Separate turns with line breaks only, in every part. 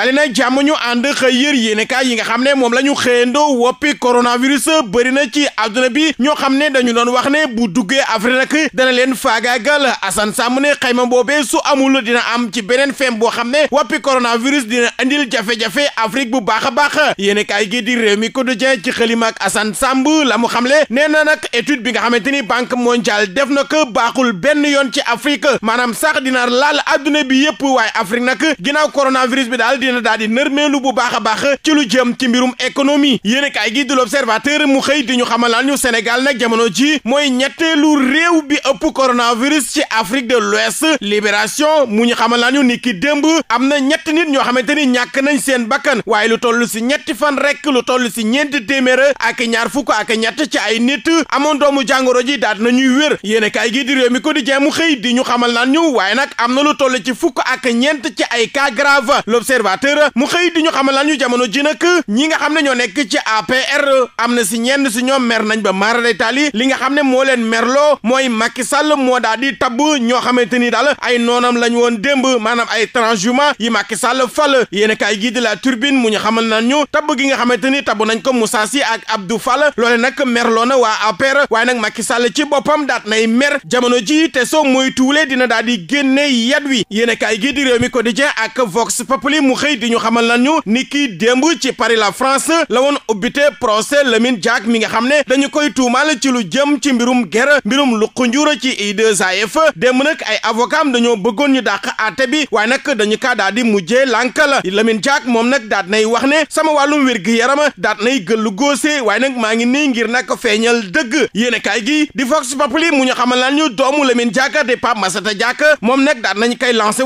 dali na jàmm ñu ànd xëy yër yéenekaay yi nga xam ne moom la ñu xëyandoo woppi coronavirus bëri na ci àdduna bi ñoo xam ne dañu doon wax ne bu duggee Afrique nag dana leen faagaagal Assane Samb ne xayma boobee su amul dina am ci beneen fem boo xam ne woppi coronavirus dina andil jafe-jafe Afrique bu baax a baax yéenekaay gi di réew mi quotidien ci xëlim ak Assane Samb la mu xam le nee na nag étude bi nga xamante ni banque mondiale def na ko baaxul benn yoon ci Afrique maanaam sax dina laal àdduna bi yëpp waaye Afrique nag ginnaaw coronavirus bi daal dina daal nërmeelu bu baax a baax ci lu jëm ci mbirum économie yéene kaay gi di l'observateur mu xëy di ñu xamalaan ñu Sénégal nag jamono ji mooy bi ëpp coronavirus ci Afrique de l'Ouest libération mu ñu xamalaan ñu ni ki démb am na ñetti nit ñoo xamante ni ñàkk nañ seen bakkan waaye lu toll si ñetti fan rek lu toll si ñeenti téeméer ak ñaar fukk ak ñett ci ay nit amoon doomu jàngoro ji daat nañuy wér yéene kaay gi di réew mi quotidien mu xëy di ñu xamal naan ñu waaye am na lu toll ci fukk ak ñeent ci ay cas grave l'observateur mu xëy di ñu xamal lan ñu jamono ji nag ñi nga xam ne ñoo nekk ci APR am na si ñenn si ñoom mer nañ ba maara day taali li nga xam ne moo leen merloo mooy Macky Sall moo daal di tabb ñoo xamante ni daal ay noonam lañ woon démb maanaam ay transhumant yi Macky Sall fal yéen a kaay gii di la turbine mu ñu xamal naan ñu tabb gi nga xamante ni tabb nañ ko Moussa Sy ak Abdou Fall loole nag merloo na waa APR waaye nag Macky Sall ci boppam daat nay mer jamono ji te soo mooy dina daal di génne yat wi yéen a kaay gii di réew xëy di ñu xamal nañu ni kii ci Paris la France la woon ubbite procès Lamine mi nga xam ne dañu koy tuumal ci lu jëm ci mbirum ger mbirum lu xunjura ci IAAF démb nag ay avocat da dañoo bëggoon ñu a àtte bi waaye nag dañu kaa daal di mujjee lànkal Lamine Diack moom nag daat nay wax ne sama wàllum wér-gu-yaram daat nay gëllu góose waaye maa ngi nii ngir nag feeñal dëgg yéenekaay gi di Vox Populi mu ñu xamal lan ñu doomu Lamine Diack di Pape Massata Diack moom nag daat nañ koy lancé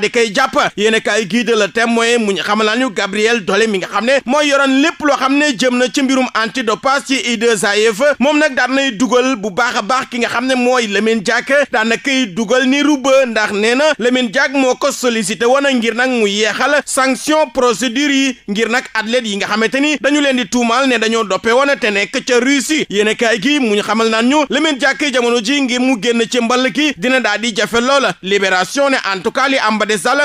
daal di koy jàpp yéen kaay gii de la témoin mu ñu xamal ñu Gabriel Dole mi nga xam ne mooy yoroon lépp loo xam ne jëm na ci mbirum antidopage ci IAAF moom nag daan nay dugal bu baax a baax ki nga xam ne mooy Lamine Diack daana na koy dugal ni ruba ndax nee na Lamine Diack moo ko sollicité woon ngir nag mu yeexal sanction procédure yi ngir nag athlètes yi nga xamante ni dañu leen di tuumaal ne dañoo doppe wana te ne ca Russie yéen kaay gi mu ñu xamal naan ñu Lamine Diack jamono ji ngir mu génn ci mbal ki dina daal di jafe loola libération ne en tout cas li am Samba de Sall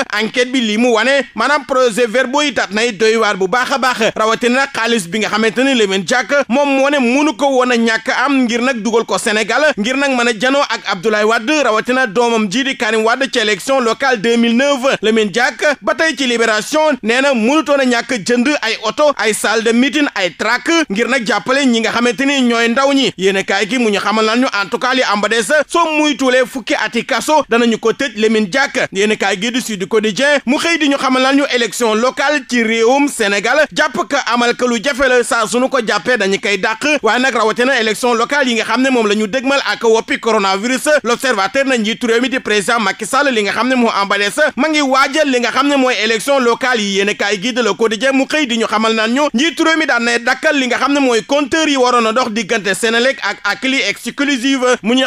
bi lii mu wane maanaam projet verbaux yi tat nay doy waar bu baax a baax rawatina nag xaalis bi nga xamante ne Lamine Diack moom moo ne munu ko woon a ñàkk am ngir nag dugal ko Sénégal ngir nag mën a janoo ak Abdoulaye Wade rawatina doomam ji di Karim Wade ci élection locale 2009 Lamine Diack ba tey ci Libération nee na munutoon a ñàkk jënd ay oto ay salle de meeting ay track ngir nag jàppale ñi nga xamante ni ñooy ndaw ñi yéen a gi mu ñu xamal nañu en tout cas li am ba des soo muy tuulee fukki ati kaso danañu ko tëj Lamine Diack yéen kaay gi gi di Sud Quotidien mu xëy di ñu xamal ñu élection locale ci réewum Sénégal jàpp ka amal ka lu jafe ko jàppee dañu koy dàq waaye nag rawatina élection locale yi nga xam ne moom la ñu dëgmal ak woppi coronavirus l'observateur na njiitu réew mi di président Macky li nga xam ne moo emballé sa ma ngi li nga xam ne mooy yi a mi daan na li nga xam ne mooy compteur a dox diggante Sénélec ak Akilee exclusive mu ñu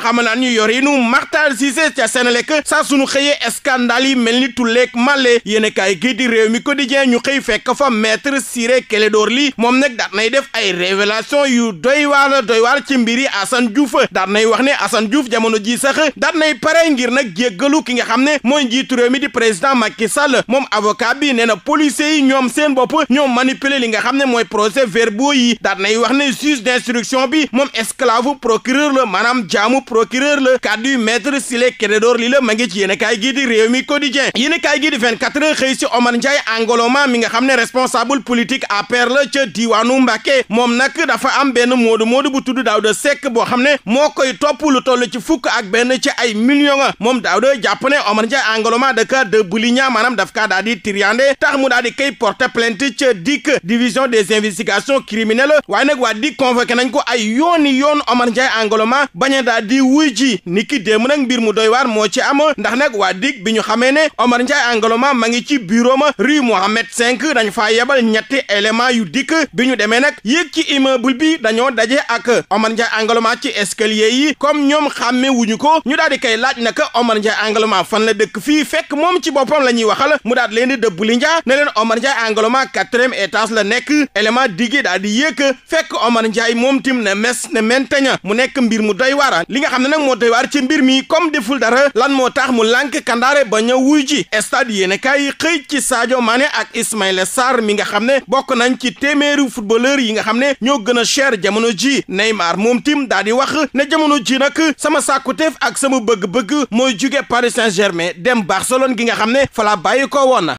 mel ni tulleeg màlle yéen kaay gii di réew mi quotidien ñu xëy fekk fa maître Ciré Clédor Ly moom nag daat nay def ay révélation yu doy waar doy waar ci mbiri Assane Diouf daat nay wax ne Assane Diouf jamono jii sax daat nay pare ngir nag jéggalu ki nga xam ne mooy njiitu réew mi di président Macky Sall moom avocat bi nee na policiers yi ñoom seen bopp ñoom manipuler li nga xam ne mooy procès verbaux yi daat nay wax ne juge d'instruction bi moom esclave procureur la maanaam jaamu procureur la kàddu maître Ciré Clédor Ly la ma ngi ci yéen kaay gii Quotidien yéen a kaay gii di 24 heures xëy si Omar Ndiaye Angoloma mi nga xam ne responsable politique APR la ca diwaanu Mbàkke moom nag dafa am benn moodu moodu bu tudd Daouda Seck boo xam ne moo koy topp lu toll ci fukk ak benn ci ay millions moom Daouda jàpp ne Omar Ndiaye Angoloma da ka de buliña maanaam daf kaa daal di triandé tax mu daal di koy porter plainte ca DIC division des investigations criminelles waaye nag waa DIC convoqué ko ay yooni yoon Omar Ndiaye Angoloma bañ a daal di wuy ji niki démb nag mbir mu doy waar moo ci am ndax Omar Ndiaye Angloma ma ma ngi ci bureau ma rue Mohammed 5 dañ faa yebal ñetti élément yu dikk bi ñu demee nag yéeg ci immeuble bi dañoo daje ak Omar Ndiaye Angloma ci escalier yi comme ñoom xàmme wuñu ko ñu daal di koy laaj nag Omar Ndiaye Angloma fan la dëkk fii fekk moom ci boppam la ñuy waxal mu daal leen di dëbb li njaa ne leen Omar Ndiaye Angloma quatrième étage la nekk élément diggé daal di yéeg fekk Omar Ndiaye moom tim ne mes ne menteña mu nekk mbir mu doy waar li nga xam ne nag moo doy waar ci mbir mi comme deful dara lan moo tax mu lànk kandaare wuy ji stade yéenekaay yi xëy ci Sadio Mané ak Ismaïla Sarr mi nga xam ne bokk nañ ci téeméeri footballeur yi nga xam ne ñoo gën a cher jamono ji Neymar moom tim daal di wax ne jamono ji nag sama sàkkuteef ak sama bëgg-bëgg mooy jóge Paris Saint-Germain dem Barcelone gi nga xam ne fa bàyyi ko woon